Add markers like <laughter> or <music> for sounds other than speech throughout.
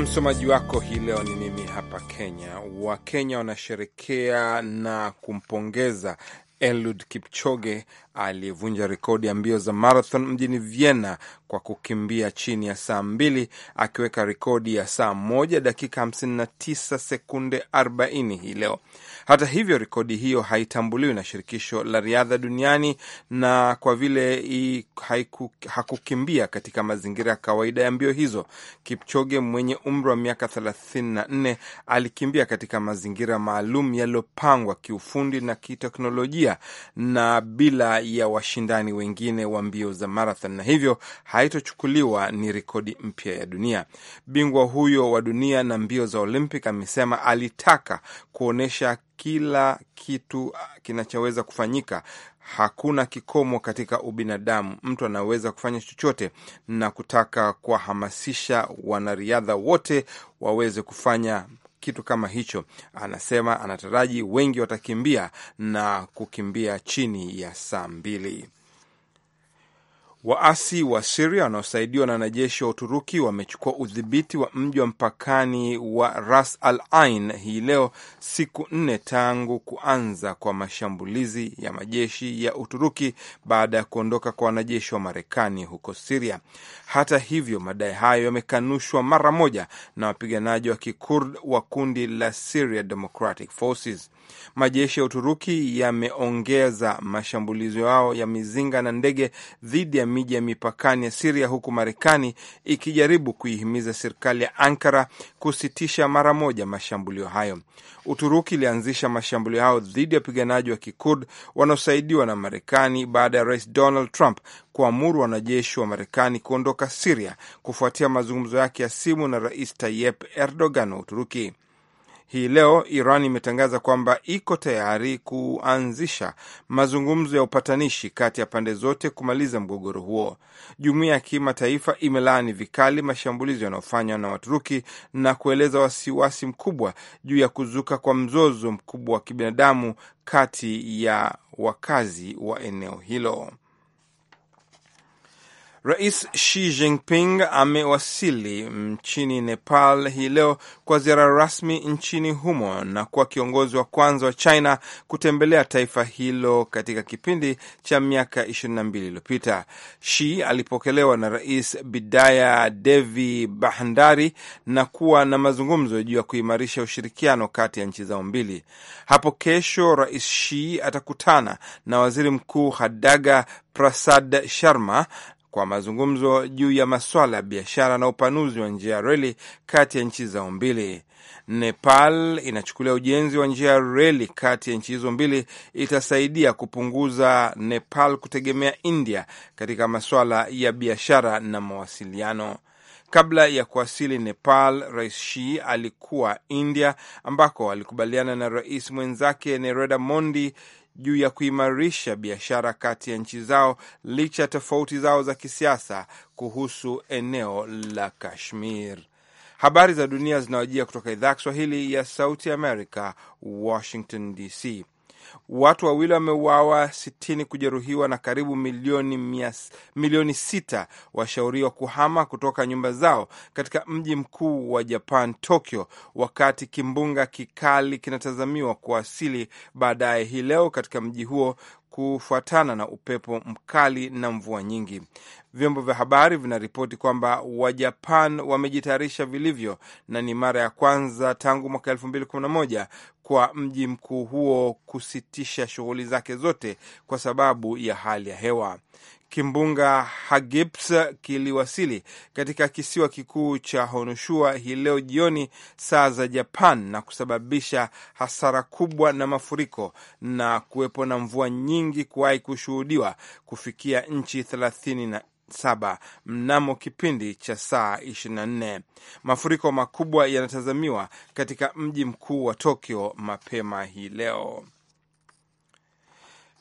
Msomaji wako hii leo ni mimi hapa Kenya. Wakenya wanasherekea na kumpongeza Eliud Kipchoge aliyevunja rekodi ya mbio za marathon mjini Vienna kwa kukimbia chini ya saa mbili akiweka rekodi ya saa moja dakika 59 sekunde 40 hii leo. Hata hivyo, rekodi hiyo haitambuliwi na shirikisho la riadha duniani na kwa vile i, haiku, hakukimbia katika mazingira ya kawaida ya mbio hizo. Kipchoge mwenye umri wa miaka 34 alikimbia katika mazingira maalum yaliyopangwa kiufundi na kiteknolojia na bila ya washindani wengine wa mbio za marathon na hivyo haitochukuliwa ni rekodi mpya ya dunia. Bingwa huyo wa dunia na mbio za Olympic amesema alitaka kuonyesha kila kitu kinachoweza kufanyika. Hakuna kikomo katika ubinadamu, mtu anaweza kufanya chochote, na kutaka kuwahamasisha wanariadha wote waweze kufanya kitu kama hicho. Anasema anataraji wengi watakimbia na kukimbia chini ya saa mbili. Waasi wa Siria wanaosaidiwa na wanajeshi wa Uturuki wamechukua udhibiti wa mji wa mpakani wa Ras Al Ain hii leo, siku nne tangu kuanza kwa mashambulizi ya majeshi ya Uturuki baada ya kuondoka kwa wanajeshi wa Marekani huko Siria. Hata hivyo, madai hayo yamekanushwa mara moja na wapiganaji wa Kikurd wa kundi la Syria Democratic Forces. Majeshi ya Uturuki yameongeza mashambulizo yao ya mizinga na ndege dhidi ya miji ya mipakani ya Siria, huku Marekani ikijaribu kuihimiza serikali ya Ankara kusitisha mara moja mashambulio hayo. Uturuki ilianzisha mashambulio hayo dhidi ya wapiganaji wa Kikurd wanaosaidiwa na Marekani baada ya Rais Donald Trump kuamuru wanajeshi wa Marekani kuondoka Siria kufuatia mazungumzo yake ya simu na Rais Tayyip Erdogan wa Uturuki. Hii leo Iran imetangaza kwamba iko tayari kuanzisha mazungumzo ya upatanishi kati ya pande zote kumaliza mgogoro huo. Jumuiya ya kimataifa imelaani vikali mashambulizi yanayofanywa na Waturuki na kueleza wasiwasi mkubwa juu ya kuzuka kwa mzozo mkubwa wa kibinadamu kati ya wakazi wa eneo hilo. Rais Xi Jinping amewasili nchini Nepal hii leo kwa ziara rasmi nchini humo na kuwa kiongozi wa kwanza wa China kutembelea taifa hilo katika kipindi cha miaka 22 iliyopita. Xi alipokelewa na Rais Bidaya Devi Bahandari na kuwa na mazungumzo juu ya kuimarisha ushirikiano kati ya nchi zao mbili. Hapo kesho, Rais Xi atakutana na Waziri Mkuu Hadaga Prasad Sharma kwa mazungumzo juu ya maswala ya biashara na upanuzi wa njia ya reli kati ya nchi zao mbili. Nepal inachukulia ujenzi wa njia ya reli kati ya nchi hizo mbili itasaidia kupunguza Nepal kutegemea India katika maswala ya biashara na mawasiliano. Kabla ya kuwasili Nepal, Rais Shi alikuwa India ambako alikubaliana na rais mwenzake Narendra Modi juu ya kuimarisha biashara kati ya nchi zao licha ya tofauti zao za kisiasa kuhusu eneo la Kashmir. Habari za dunia zinawajia kutoka idhaa ya Kiswahili ya Sauti Amerika, Washington DC watu wawili wameuawa, sitini kujeruhiwa na karibu milioni, mias, milioni sita washauriwa kuhama kutoka nyumba zao katika mji mkuu wa Japan, Tokyo, wakati kimbunga kikali kinatazamiwa kuwasili baadaye hii leo katika mji huo kufuatana na upepo mkali na mvua nyingi. Vyombo vya habari vinaripoti kwamba Wajapan wamejitayarisha vilivyo na ni mara ya kwanza tangu mwaka elfu mbili kumi na moja kwa mji mkuu huo kusitisha shughuli zake zote kwa sababu ya hali ya hewa. Kimbunga Hagibis kiliwasili katika kisiwa kikuu cha Honushua hii leo jioni saa za Japan na kusababisha hasara kubwa na mafuriko na kuwepo na mvua nyingi kuwahi kushuhudiwa kufikia nchi thelathini na saba mnamo kipindi cha saa 24. Mafuriko makubwa yanatazamiwa katika mji mkuu wa Tokyo mapema hii leo.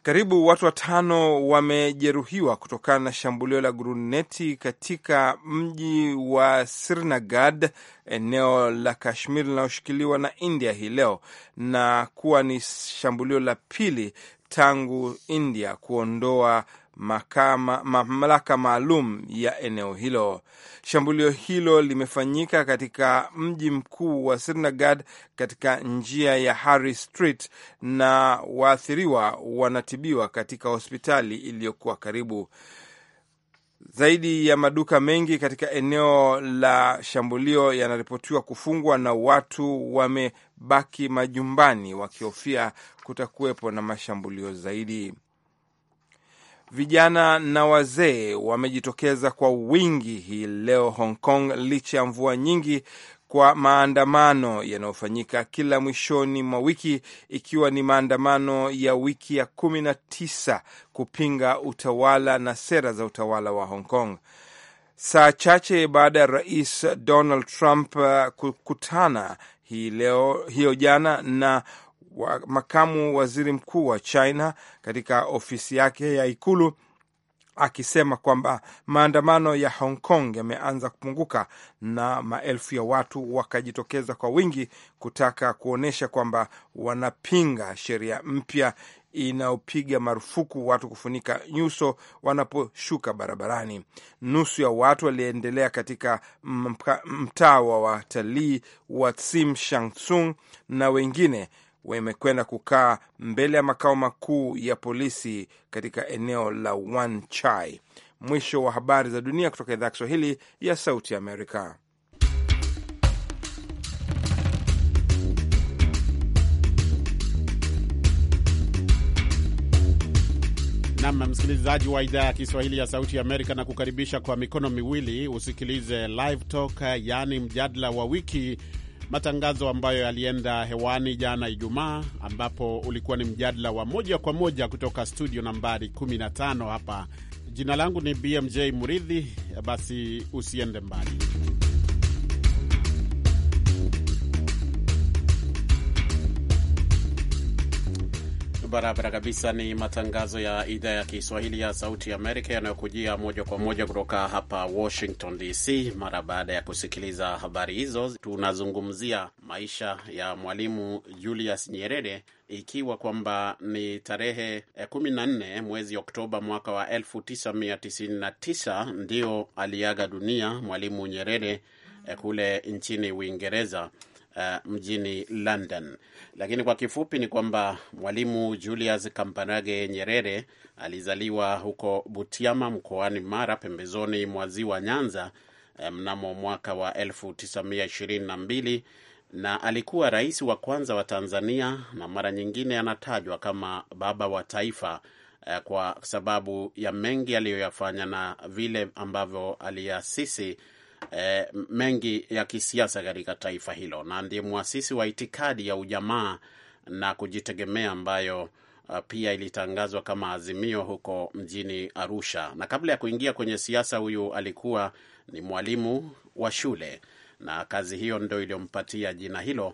Karibu watu watano wamejeruhiwa kutokana na shambulio la guruneti katika mji wa Srinagar, eneo la Kashmir linaloshikiliwa na India hii leo, na kuwa ni shambulio la pili tangu India kuondoa makama, mamlaka maalum ya eneo hilo. Shambulio hilo limefanyika katika mji mkuu wa Srinagar katika njia ya Harry Street, na waathiriwa wanatibiwa katika hospitali iliyokuwa karibu. Zaidi ya maduka mengi katika eneo la shambulio yanaripotiwa kufungwa na watu wamebaki majumbani wakihofia kutakuwepo na mashambulio zaidi. Vijana na wazee wamejitokeza kwa wingi hii leo Hong Kong licha ya mvua nyingi kwa maandamano yanayofanyika kila mwishoni mwa wiki ikiwa ni maandamano ya wiki ya kumi na tisa kupinga utawala na sera za utawala wa Hong Kong. Saa chache baada ya Rais Donald Trump uh, kukutana hii leo hiyo jana na wa makamu waziri mkuu wa China katika ofisi yake ya Ikulu akisema kwamba maandamano ya Hong Kong yameanza kupunguka na maelfu ya watu wakajitokeza kwa wingi kutaka kuonyesha kwamba wanapinga sheria mpya inayopiga marufuku watu kufunika nyuso wanaposhuka barabarani. Nusu ya watu waliendelea katika mtaa wa watalii wa Tsim shangsung na wengine wamekwenda kukaa mbele ya makao makuu ya polisi katika eneo la Wan Chai. Mwisho wa habari za dunia kutoka idhaa ya Kiswahili ya Sauti Amerika. Nam msikilizaji wa idhaa ya Kiswahili ya Sauti Amerika na kukaribisha kwa mikono miwili usikilize Live Talk, yaani mjadala wa wiki matangazo ambayo yalienda hewani jana Ijumaa, ambapo ulikuwa ni mjadala wa moja kwa moja kutoka studio nambari 15 hapa. Jina langu ni BMJ Muridhi. Basi usiende mbali. barabara kabisa. Ni matangazo ya idhaa ya Kiswahili ya Sauti ya Amerika yanayokujia moja kwa moja kutoka hapa Washington DC. Mara baada ya kusikiliza habari hizo, tunazungumzia maisha ya Mwalimu Julius Nyerere, ikiwa kwamba ni tarehe 14 eh, mwezi Oktoba mwaka wa 999 ndio aliaga dunia Mwalimu Nyerere eh, kule nchini Uingereza uh, mjini London. Lakini kwa kifupi ni kwamba Mwalimu Julius Kambarage Nyerere alizaliwa huko Butiama mkoani Mara pembezoni mwa ziwa Nyanza uh, mnamo mwaka wa 1922 na alikuwa rais wa kwanza wa Tanzania na mara nyingine anatajwa kama baba wa taifa uh, kwa sababu ya mengi aliyoyafanya na vile ambavyo aliasisi eh, mengi ya kisiasa katika taifa hilo, na ndiye mwasisi wa itikadi ya ujamaa na kujitegemea ambayo eh, pia ilitangazwa kama Azimio huko mjini Arusha. Na kabla ya kuingia kwenye siasa, huyu alikuwa ni mwalimu wa shule, na kazi hiyo ndio iliyompatia jina hilo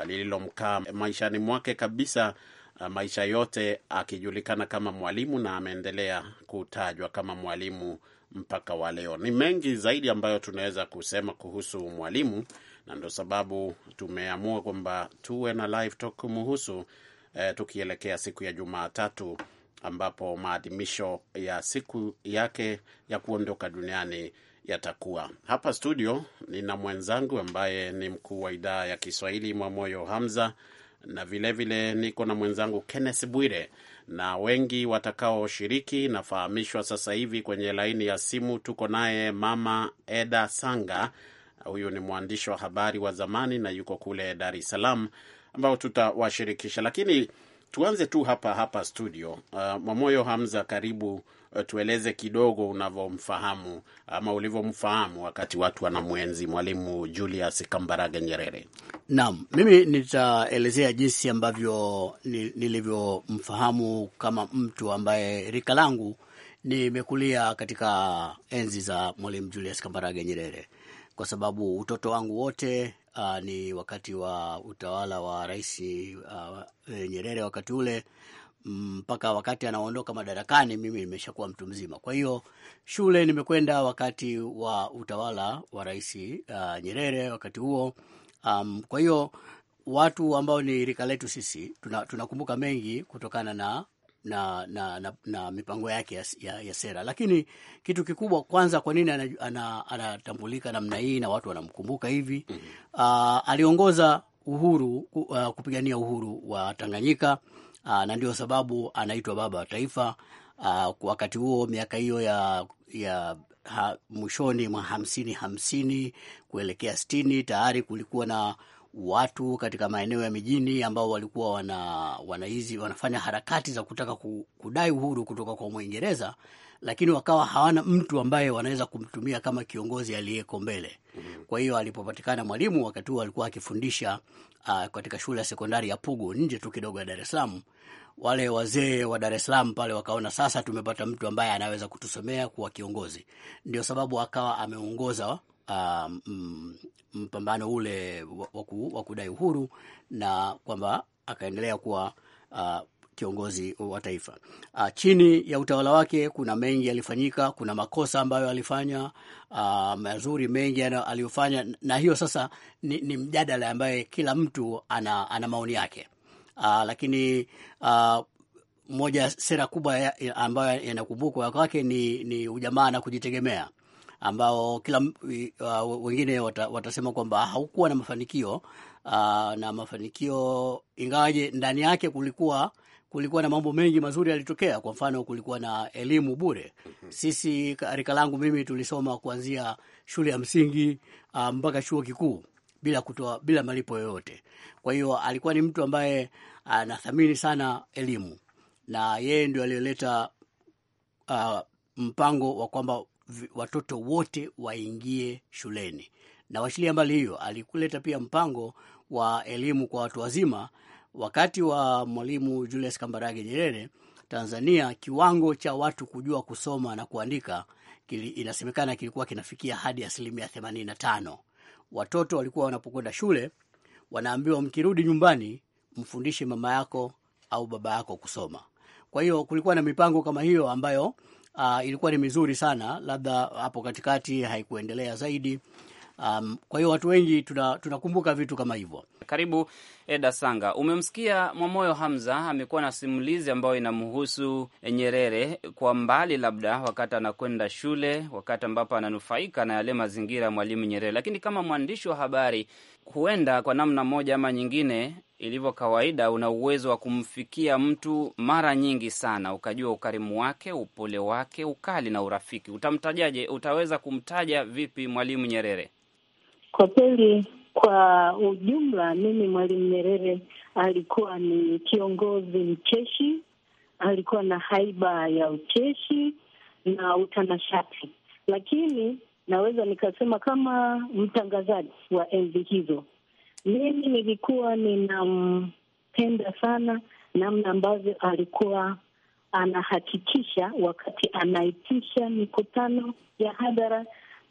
eh, lililomkaa maishani mwake kabisa, eh, maisha yote akijulikana kama mwalimu, na ameendelea kutajwa kama mwalimu mpaka wa leo. Ni mengi zaidi ambayo tunaweza kusema kuhusu mwalimu, na ndo sababu tumeamua kwamba tuwe na live talk kumuhusu eh, tukielekea siku ya Jumatatu ambapo maadhimisho ya siku yake ya kuondoka duniani yatakuwa hapa studio. Nina mwenzangu ambaye ni mkuu wa idhaa ya Kiswahili Mwamoyo Hamza, na vilevile niko na mwenzangu Kenneth Bwire na wengi watakaoshiriki. Nafahamishwa sasa hivi kwenye laini ya simu tuko naye Mama Eda Sanga, huyu ni mwandishi wa habari wa zamani na yuko kule Dar es Salaam, ambao tutawashirikisha, lakini tuanze tu hapa hapa studio. Uh, Mwamoyo Hamza, karibu Eh, tueleze kidogo unavyomfahamu ama ulivyomfahamu wakati watu wanamwenzi Mwalimu Julius Kambarage Nyerere. Naam, mimi nitaelezea jinsi ambavyo nilivyomfahamu kama mtu ambaye rika langu nimekulia katika enzi za Mwalimu Julius Kambarage Nyerere, kwa sababu utoto wangu wote Uh, ni wakati wa utawala wa Rais uh, Nyerere wakati ule mpaka wakati anaondoka madarakani, mimi nimeshakuwa mtu mzima. Kwa hiyo shule nimekwenda wakati wa utawala wa Rais uh, Nyerere wakati huo um, kwa hiyo watu ambao ni rika letu sisi tunakumbuka tuna mengi kutokana na na, na, na, na mipango yake ya, ya, ya sera. Lakini kitu kikubwa kwanza, kwa nini anatambulika ana, ana namna hii na watu wanamkumbuka hivi? mm -hmm. Uh, aliongoza uhuru uh, kupigania uhuru wa Tanganyika Ah, na ndio sababu anaitwa baba wa taifa. Aa, ah, wakati huo miaka hiyo ya, ya ha, mwishoni mwa hamsini hamsini kuelekea sitini tayari kulikuwa na watu katika maeneo ya mijini ambao walikuwa wana, wanaizi, wanafanya harakati za kutaka kudai uhuru kutoka kwa Mwingereza, lakini wakawa hawana mtu ambaye wanaweza kumtumia kama kiongozi aliyeko mbele. Mm-hmm. Kwa hiyo alipopatikana Mwalimu, wakati huo alikuwa akifundisha uh, katika shule ya sekondari ya Pugu nje tu kidogo ya Dar es Salaam. Wale wazee wa Dar es Salaam pale wakaona sasa tumepata mtu ambaye anaweza kutusomea kuwa kiongozi, ndio sababu akawa ameongoza uh, mpambano ule wa kudai uhuru na kwamba akaendelea kuwa uh, kiongozi wa taifa. A, ah, chini ya utawala wake kuna mengi yalifanyika, kuna makosa ambayo alifanya, uh, mazuri mengi aliyofanya, na hiyo sasa ni, ni mjadala ambaye kila mtu ana, ana maoni yake uh, lakini a, moja sera kubwa ya, ambayo yanakumbukwa kwake ni, ni ujamaa na kujitegemea ambao kila uh, wengine wata, watasema kwamba haukuwa na mafanikio uh, na mafanikio ingawaje ndani yake kulikuwa kulikuwa na mambo mengi mazuri yalitokea. Kwa mfano, kulikuwa na elimu bure. Sisi rika langu mimi tulisoma kuanzia shule ya msingi ah, mpaka chuo kikuu bila kutoa, bila malipo yoyote. Kwa hiyo alikuwa ni mtu ambaye anathamini sana elimu, na yeye ndio aliyoleta uh, mpango wa kwamba watoto wote waingie shuleni, na washilia mbali hiyo, alikuleta pia mpango wa elimu kwa watu wazima wakati wa Mwalimu Julius Kambarage Nyerere, Tanzania kiwango cha watu kujua kusoma na kuandika kili, inasemekana kilikuwa kinafikia hadi asilimia themanini na tano. Watoto walikuwa wanapokwenda shule wanaambiwa, mkirudi nyumbani mfundishe mama yako au baba yako kusoma. Kwa hiyo kulikuwa na mipango kama hiyo ambayo uh, ilikuwa ni mizuri sana, labda hapo katikati haikuendelea zaidi Um, kwa hiyo watu wengi tunakumbuka tuna vitu kama hivyo. Karibu Eda Sanga, umemsikia Mwamoyo Hamza amekuwa na simulizi ambayo inamhusu Nyerere kwa mbali, labda wakati anakwenda shule, wakati ambapo ananufaika na yale mazingira ya Mwalimu Nyerere. Lakini kama mwandishi wa habari, huenda kwa namna moja ama nyingine, ilivyo kawaida, una uwezo wa kumfikia mtu mara nyingi sana, ukajua ukarimu wake, upole wake, ukali na urafiki. Utamtajaje? Utaweza kumtaja vipi Mwalimu Nyerere? Kwa kweli, kwa ujumla, mimi Mwalimu Nyerere alikuwa ni kiongozi mcheshi, alikuwa na haiba ya ucheshi na utanashati, lakini naweza nikasema kama mtangazaji wa enzi hizo, mimi nilikuwa ninampenda sana namna ambavyo alikuwa anahakikisha wakati anaitisha mikutano ya hadhara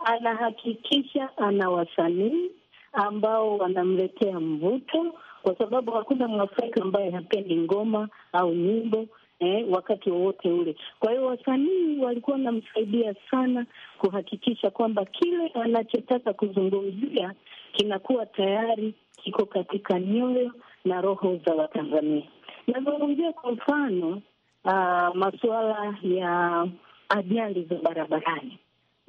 anahakikisha ana wasanii ambao wanamletea mvuto, kwa sababu hakuna Mwafrika ambaye hapendi ngoma au nyimbo eh, wakati wowote ule. Kwa hiyo wasanii walikuwa wanamsaidia sana kuhakikisha kwamba kile anachotaka kuzungumzia kinakuwa tayari kiko katika nyoyo na roho za Watanzania. Nazungumzia kwa mfano uh, masuala ya ajali za barabarani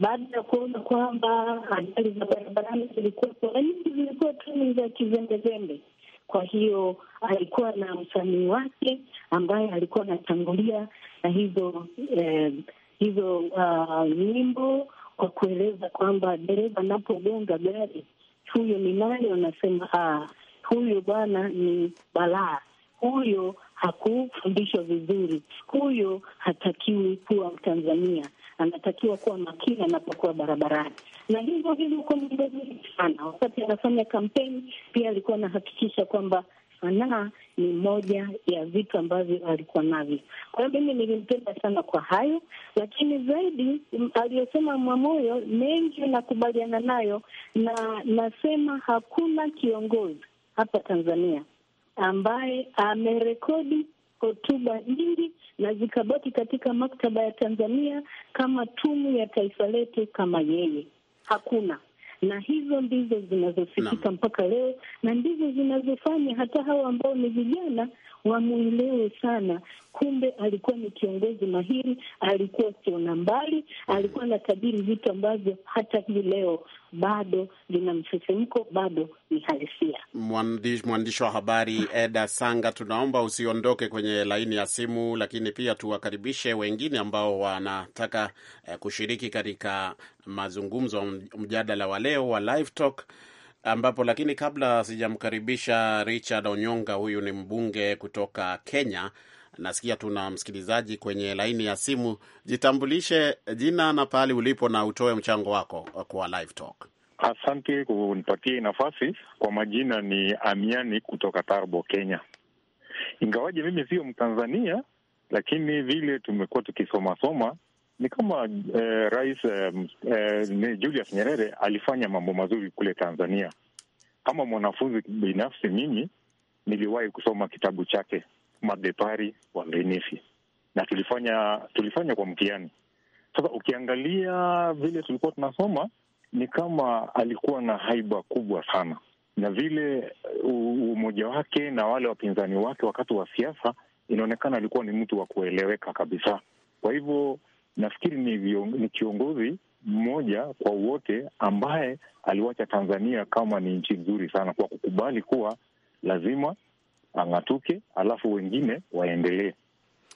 baada ya kuona kwamba ajali za barabarani zilikuwepo na zilikuwa tu ni za kizembezembe. Kwa hiyo alikuwa na msanii wake ambaye alikuwa anatangulia na hizo eh, hizo uh, nyimbo kwa kueleza kwamba dereva anapogonga gari huyo ni nani, wanasema ah, huyo bwana ni balaa, huyo hakufundishwa vizuri, huyo hatakiwi kuwa Mtanzania anatakiwa kuwa makini anapokuwa barabarani, na hivyo hivyo uko muda sana. Wakati anafanya kampeni, pia alikuwa anahakikisha kwamba sanaa ni moja ya vitu ambavyo alikuwa navyo. Kwa hiyo mimi nilimpenda sana kwa hayo, lakini zaidi mm, aliyosema Mwamoyo mengi nakubaliana nayo, na nasema hakuna kiongozi hapa Tanzania ambaye amerekodi hotuba nyingi na zikabaki katika maktaba ya Tanzania kama tumu ya taifa letu kama yeye. Hakuna na hizo ndizo zinazofikika mpaka leo, na ndizo zinazofanya hata hawa ambao ni vijana wamwelewe sana. Kumbe alikuwa ni kiongozi mahiri, alikuwa na mbali, alikuwa na vitu ambavyo hata hii leo bado vina msisimko, bado ni halisia. Mwandishi wa habari Eda Sanga, tunaomba usiondoke kwenye laini ya simu, lakini pia tuwakaribishe wengine ambao wanataka eh, kushiriki katika mazungumzo, mjadala wa leo wa Live Talk ambapo lakini kabla sijamkaribisha Richard Onyonga, huyu ni mbunge kutoka Kenya. Nasikia tuna msikilizaji kwenye laini ya simu. Jitambulishe jina na pahali ulipo na utoe mchango wako kwa live talk. Asante kunipatia nafasi. Kwa majina ni Amiani kutoka Tarbo, Kenya. Ingawaje mimi sio Mtanzania, lakini vile tumekuwa tukisomasoma ni kama eh, rais eh, eh, Julius Nyerere alifanya mambo mazuri kule Tanzania. Kama mwanafunzi binafsi, mimi niliwahi kusoma kitabu chake Mabepari Waaminifu, na tulifanya tulifanya kwa mtihani. Sasa ukiangalia vile tulikuwa tunasoma, ni kama alikuwa na haiba kubwa sana, na vile umoja wake na wale wapinzani wake wakati wa siasa, inaonekana alikuwa ni mtu wa kueleweka kabisa. Kwa hivyo nafikiri ni, ni kiongozi mmoja kwa wote ambaye aliwacha Tanzania kama ni nchi nzuri sana kwa kukubali kuwa lazima ang'atuke, alafu wengine waendelee.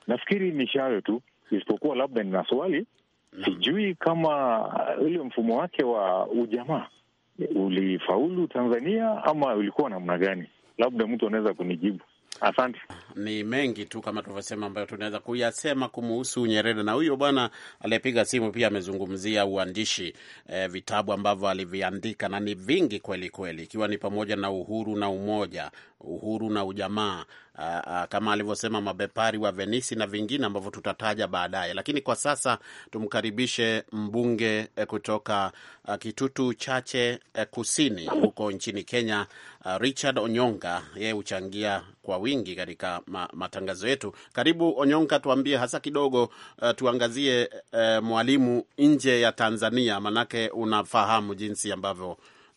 Nafikiri ni shayo tu, isipokuwa labda nina swali mm. sijui kama uh, ule mfumo wake wa ujamaa eh, ulifaulu Tanzania ama ulikuwa namna gani? Labda mtu anaweza kunijibu. Asante. Ni mengi tu kama tulivyosema, ambayo tunaweza kuyasema kumuhusu Nyerere, na huyo bwana aliyepiga simu pia amezungumzia uandishi eh, vitabu ambavyo aliviandika na ni vingi kweli kweli, ikiwa ni pamoja na uhuru na umoja, uhuru na ujamaa, aa, aa, kama alivyosema mabepari wa Venisi na vingine ambavyo tutataja baadaye, lakini kwa sasa tumkaribishe mbunge eh, kutoka Uh, kitutu Chache uh, Kusini huko nchini Kenya. Uh, Richard Onyonga yeye huchangia kwa wingi katika matangazo yetu. Karibu Onyonga, tuambie hasa kidogo, uh, tuangazie uh, mwalimu nje ya Tanzania, manake unafahamu jinsi ambavyo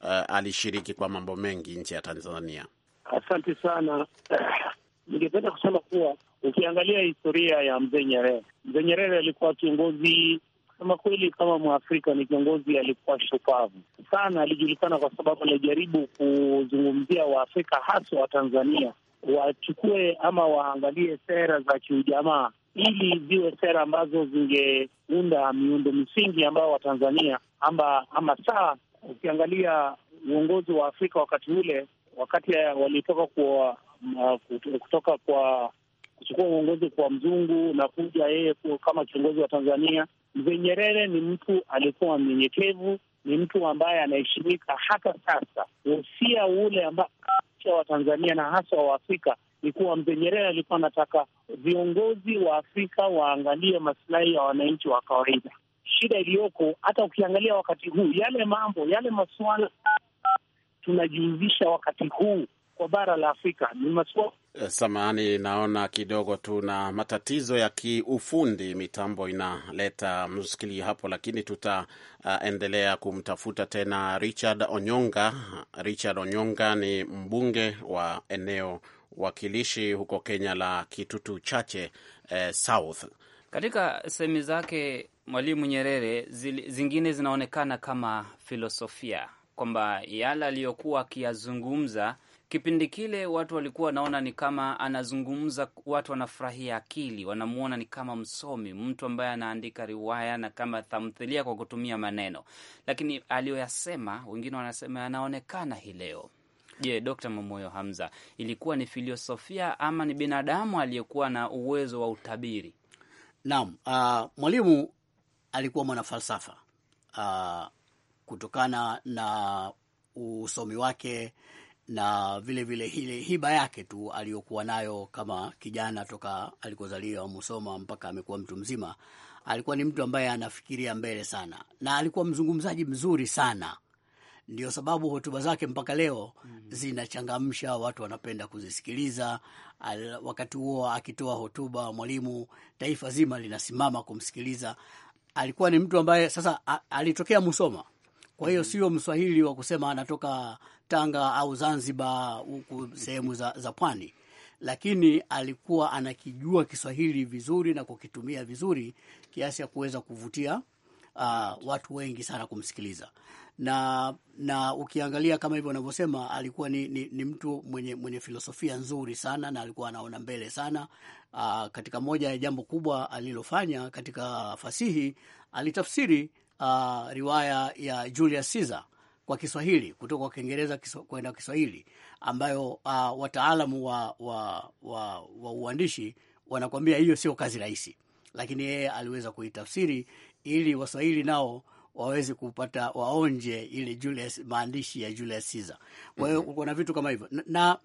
uh, alishiriki kwa mambo mengi nje ya Tanzania. Asante sana. <clears throat> Ningependa kusema kuwa ukiangalia historia ya mzee Nyerere, mzee Nyerere alikuwa kiongozi Kusema kweli, kama Mwafrika ni kiongozi alikuwa shupavu sana, alijulikana kwa sababu alijaribu kuzungumzia Waafrika haswa wa Tanzania wachukue ama waangalie sera za kiujamaa ili ziwe sera ambazo zingeunda miundo misingi ambayo Watanzania ama, ama saa ukiangalia uongozi wa Afrika wakati ule, wakati walitoka kwa kutoka kwa kuchukua uongozi kwa mzungu na kuja yeye kama kiongozi wa Tanzania Mzee Nyerere ni mtu alikuwa mnyenyekevu, ni mtu ambaye anaheshimika hata sasa. Usia ule ambao wa Tanzania na hasa wa Afrika ni kuwa Mzee Nyerere alikuwa anataka viongozi wa Afrika waangalie masilahi ya wananchi wa kawaida. Shida iliyoko hata ukiangalia wakati huu, yale mambo yale masuala tunajihusisha wakati huu kwa bara la Afrika ni masuala Eh, samahani, naona kidogo tuna matatizo ya kiufundi, mitambo inaleta mskili hapo, lakini tutaendelea uh, kumtafuta tena Richard Onyonga. Richard Onyonga ni mbunge wa eneo wakilishi huko Kenya la Kitutu Chache eh, South. Katika sehemu zake Mwalimu Nyerere zili, zingine zinaonekana kama filosofia kwamba yale aliyokuwa akiyazungumza Kipindi kile watu walikuwa wanaona ni kama anazungumza, watu wanafurahia akili, wanamwona ni kama msomi, mtu ambaye anaandika riwaya na kama tamthilia kwa kutumia maneno, lakini aliyoyasema wengine wanasema anaonekana hii leo. Je, Dkt. mamoyo Hamza, ilikuwa ni filosofia ama ni binadamu aliyekuwa na uwezo wa utabiri? Naam, uh, Mwalimu alikuwa mwanafalsafa uh, kutokana na usomi wake na vile vile hile hiba yake tu aliyokuwa nayo kama kijana toka alikozaliwa Musoma mpaka amekuwa mtu mzima. Alikuwa ni mtu ambaye anafikiria mbele sana, na alikuwa mzungumzaji mzuri sana. Ndio sababu hotuba zake mpaka leo mm -hmm. zinachangamsha watu, wanapenda kuzisikiliza. Al, wakati huo akitoa hotuba Mwalimu, taifa zima linasimama kumsikiliza. Alikuwa ni mtu ambaye sasa, a, alitokea Musoma kwa hiyo sio mswahili wa kusema anatoka Tanga au Zanzibar, huku sehemu za, za pwani, lakini alikuwa anakijua Kiswahili vizuri na kukitumia vizuri kiasi ya kuweza kuvutia uh, watu wengi sana kumsikiliza na na ukiangalia kama hivyo wanavyosema, alikuwa ni, ni, ni mtu mwenye, mwenye filosofia nzuri sana na alikuwa anaona mbele sana. Aa, ah, katika moja ya jambo kubwa alilofanya katika fasihi alitafsiri uh, riwaya ya Julius Caesar kwa Kiswahili kutoka kwa Kiingereza kwenda Kiswahili ambayo uh, wataalamu wa, wa, wa, wa uandishi wanakuambia hiyo sio kazi rahisi, lakini yeye aliweza kuitafsiri ili Waswahili nao waweze kupata waonje ile Julius, maandishi ya Julius Caesar. Kwa hiyo mm -hmm. kuna vitu kama hivyo na, na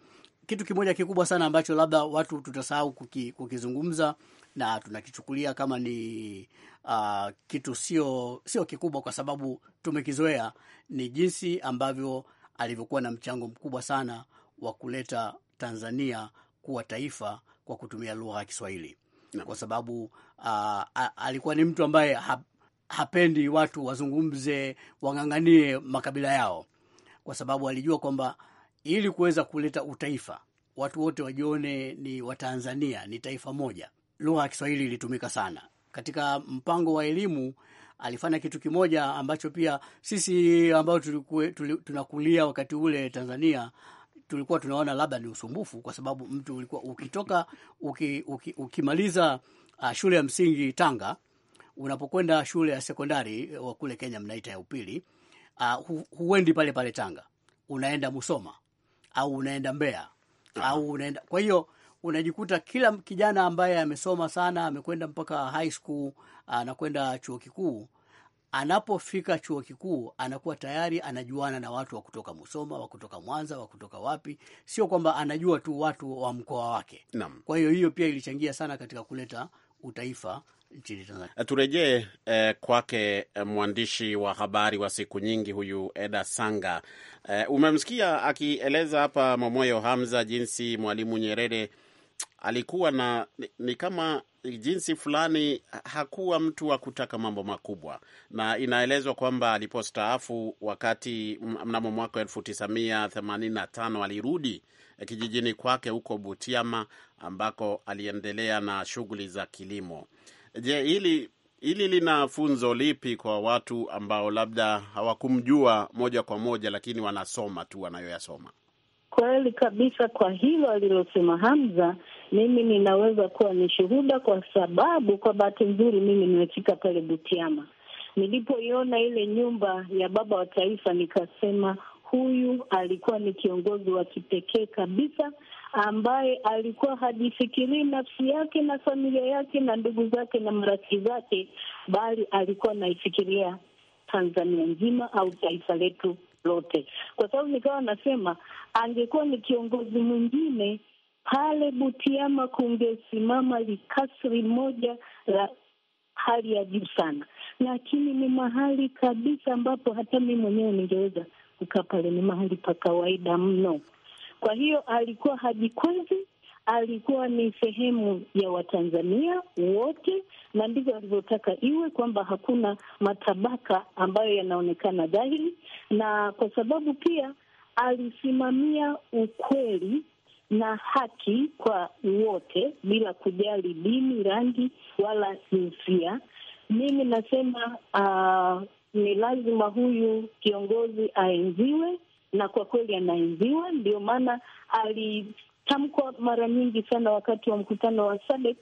kitu kimoja kikubwa sana ambacho labda watu tutasahau kuki, kukizungumza na tunakichukulia kama ni uh, kitu sio sio kikubwa, kwa sababu tumekizoea. Ni jinsi ambavyo alivyokuwa na mchango mkubwa sana wa kuleta Tanzania kuwa taifa kwa kutumia lugha ya Kiswahili na. kwa sababu uh, alikuwa ni mtu ambaye ha, hapendi watu wazungumze wang'ang'anie makabila yao, kwa sababu alijua kwamba ili kuweza kuleta utaifa watu wote wajione ni Watanzania, ni taifa moja lugha ya Kiswahili ilitumika sana katika mpango wa elimu. Alifanya kitu kimoja ambacho pia sisi ambao tulikuwe, tunakulia wakati ule Tanzania tulikuwa tunaona labda ni usumbufu, kwa sababu mtu ulikuwa ukitoka uki, uki, ukimaliza uh, shule ya msingi Tanga, unapokwenda shule ya sekondari eh, wa kule Kenya mnaita ya upili uh, hu, huendi pale pale Tanga, unaenda Musoma au unaenda Mbeya au unaenda kwa hiyo unajikuta kila kijana ambaye amesoma sana amekwenda mpaka high school, anakwenda chuo kikuu Anapofika chuo kikuu anakuwa tayari anajuana na watu wa kutoka Musoma, wa kutoka Mwanza, wa kutoka wapi. Sio kwamba anajua tu watu wa mkoa wake. kwahiyo Kwa hiyo hiyo pia ilichangia sana katika kuleta utaifa nchini Tanzania. Eh, turejee eh, kwake eh, mwandishi wa habari wa siku nyingi huyu Eda Sanga. Eh, umemsikia akieleza hapa Momoyo Hamza jinsi Mwalimu Nyerere alikuwa na ni, ni kama jinsi fulani hakuwa mtu wa kutaka mambo makubwa, na inaelezwa kwamba alipostaafu wakati mnamo mwaka wa elfu tisa mia themanini na tano alirudi eh, kijijini kwake huko Butiama ambako aliendelea na shughuli za kilimo. Je, hili hili lina funzo lipi kwa watu ambao labda hawakumjua moja kwa moja, lakini wanasoma tu wanayoyasoma? Kweli kabisa, kwa hilo alilosema Hamza mimi ninaweza kuwa ni shuhuda, kwa sababu kwa bahati nzuri mimi nimefika pale Butiama. Nilipoiona ile nyumba ya baba wa taifa, nikasema huyu alikuwa ni kiongozi wa kipekee kabisa, ambaye alikuwa hajifikirii nafsi yake na familia yake na ndugu zake na marafiki zake, bali alikuwa anaifikiria Tanzania nzima au taifa letu lote, kwa sababu nikawa nasema angekuwa ni kiongozi mwingine pale Butiama kungesimama likasri moja la hali ya juu sana, lakini ni mahali kabisa ambapo hata mi mwenyewe ningeweza kukaa pale. Ni mahali pa kawaida mno. Kwa hiyo alikuwa hajikwezi, alikuwa ni sehemu ya Watanzania wote, na ndivyo alivyotaka iwe, kwamba hakuna matabaka ambayo yanaonekana dhahiri, na kwa sababu pia alisimamia ukweli na haki kwa wote bila kujali dini, rangi wala jinsia. Mimi nasema uh, ni lazima huyu kiongozi aenziwe, na kwa kweli anaenziwa. Ndio maana alitamkwa mara nyingi sana wakati wa mkutano wa SADC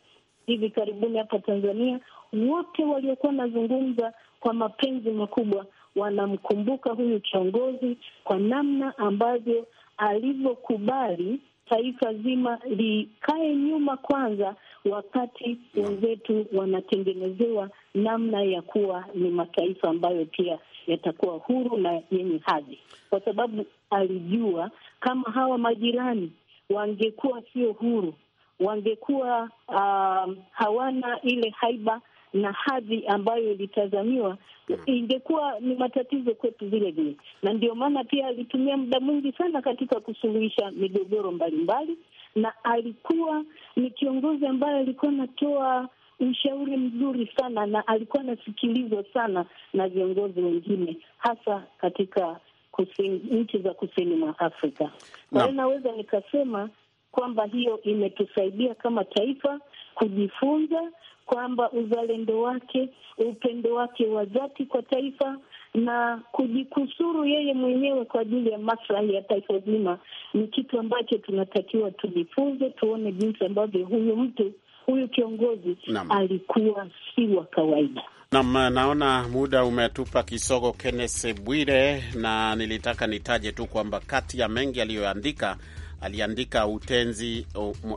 hivi karibuni hapa Tanzania. Wote waliokuwa wanazungumza kwa mapenzi makubwa wanamkumbuka huyu kiongozi kwa namna ambavyo alivyokubali taifa zima likae nyuma kwanza, wakati wenzetu wanatengenezewa namna ya kuwa ni mataifa ambayo pia yatakuwa huru na yenye hadhi, kwa sababu alijua kama hawa majirani wangekuwa sio huru, wangekuwa um, hawana ile haiba na hadhi ambayo ilitazamiwa hmm. ingekuwa ni matatizo kwetu vile vile, na ndio maana pia alitumia muda mwingi sana katika kusuluhisha migogoro mbalimbali, na alikuwa ni kiongozi ambaye alikuwa anatoa ushauri mzuri sana, na alikuwa anasikilizwa sana na viongozi wengine, hasa katika nchi za kusini mwa Afrika. Kwa hiyo naweza nikasema kwamba hiyo imetusaidia kama taifa kujifunza kwamba uzalendo wake, upendo wake wa dhati kwa taifa na kujikusuru yeye mwenyewe kwa ajili ya maslahi ya taifa zima ni kitu ambacho tunatakiwa tujifunze, tuone jinsi ambavyo huyu mtu huyu kiongozi Nama. alikuwa si wa kawaida. Nam, naona muda umetupa kisogo, Kennes Bwire, na nilitaka nitaje tu kwamba kati ya mengi aliyoandika aliandika utenzi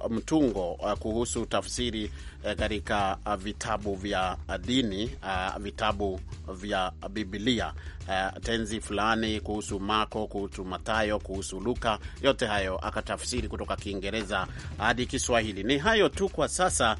mtungo uh, kuhusu tafsiri Eh, katika eh, vitabu vya eh, dini, vitabu vya Bibilia, tenzi fulani kuhusu Marko, kuhusu matayo kuhusu Luka, yote hayo akatafsiri kutoka Kiingereza hadi Kiswahili. Ni hayo tu kwa sasa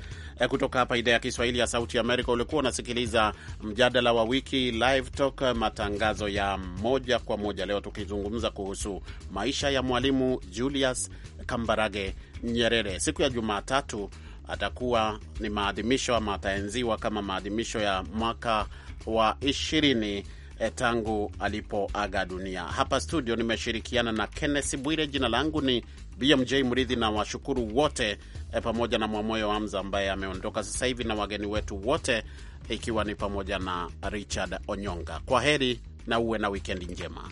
kutoka hapa idhaa ya Kiswahili ya Sauti Amerika. Ulikuwa unasikiliza mjadala wa wiki Live Talk, matangazo ya moja kwa moja, leo tukizungumza kuhusu maisha ya Mwalimu Julius Kambarage Nyerere. Siku ya Jumatatu atakuwa ni maadhimisho ama ataenziwa kama maadhimisho ya mwaka wa ishirini eh, tangu alipoaga dunia. Hapa studio nimeshirikiana na kennes Bwire, jina langu ni BMJ Mridhi, na washukuru wote eh, pamoja na Mwamoyo amza ambaye ameondoka sasa hivi na wageni wetu wote, ikiwa ni pamoja na Richard Onyonga. Kwa heri na uwe na wikendi njema.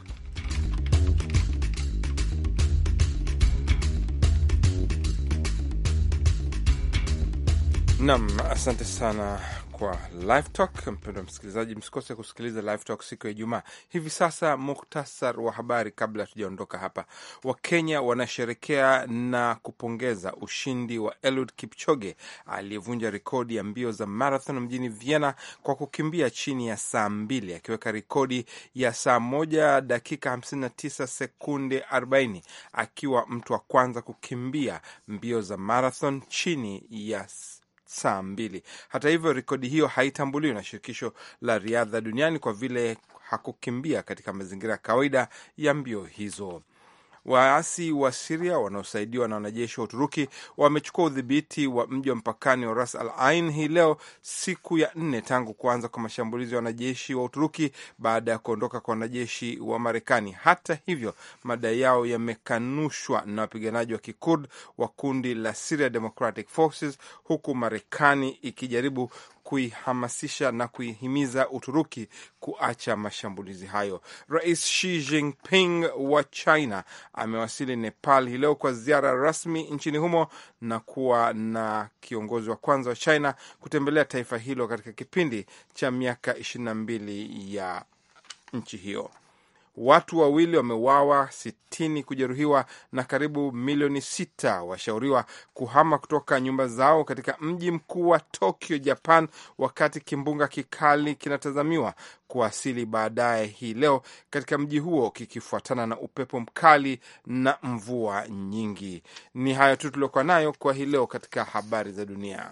Nam, asante sana kwa Live Talk. Mpendwa msikilizaji, msikose kusikiliza Live Talk siku ya Ijumaa. Hivi sasa muktasar wa habari kabla hatujaondoka hapa. Wakenya wanasherekea na kupongeza ushindi wa Eliud Kipchoge aliyevunja rekodi ya mbio za marathon mjini Vienna kwa kukimbia chini ya saa mbili, akiweka rekodi ya saa moja dakika 59 sekunde 40 akiwa mtu wa kwanza kukimbia mbio za marathon chini ya saa mbili. Hata hivyo, rekodi hiyo haitambuliwi na shirikisho la riadha duniani kwa vile hakukimbia katika mazingira ya kawaida ya mbio hizo. Waasi wa Siria wanaosaidiwa na wanajeshi wa Uturuki wamechukua udhibiti wa mji wa mpakani wa Ras Al Ain hii leo, siku ya nne tangu kuanza kwa mashambulizi ya wanajeshi wa Uturuki baada ya kuondoka kwa wanajeshi wa Marekani. Hata hivyo, madai yao yamekanushwa na wapiganaji wa Kikurd wa kundi la Syria Democratic Forces, huku Marekani ikijaribu kuihamasisha na kuihimiza Uturuki kuacha mashambulizi hayo. Rais Xi Jinping wa China amewasili Nepal hii leo kwa ziara rasmi nchini humo na kuwa na kiongozi wa kwanza wa China kutembelea taifa hilo katika kipindi cha miaka ishirini na mbili ya nchi hiyo watu wawili wameuawa, sitini kujeruhiwa na karibu milioni sita washauriwa kuhama kutoka nyumba zao katika mji mkuu wa Tokyo, Japan, wakati kimbunga kikali kinatazamiwa kuwasili baadaye hii leo katika mji huo kikifuatana na upepo mkali na mvua nyingi. Ni hayo tu tuliokuwa nayo kwa hii leo katika habari za dunia.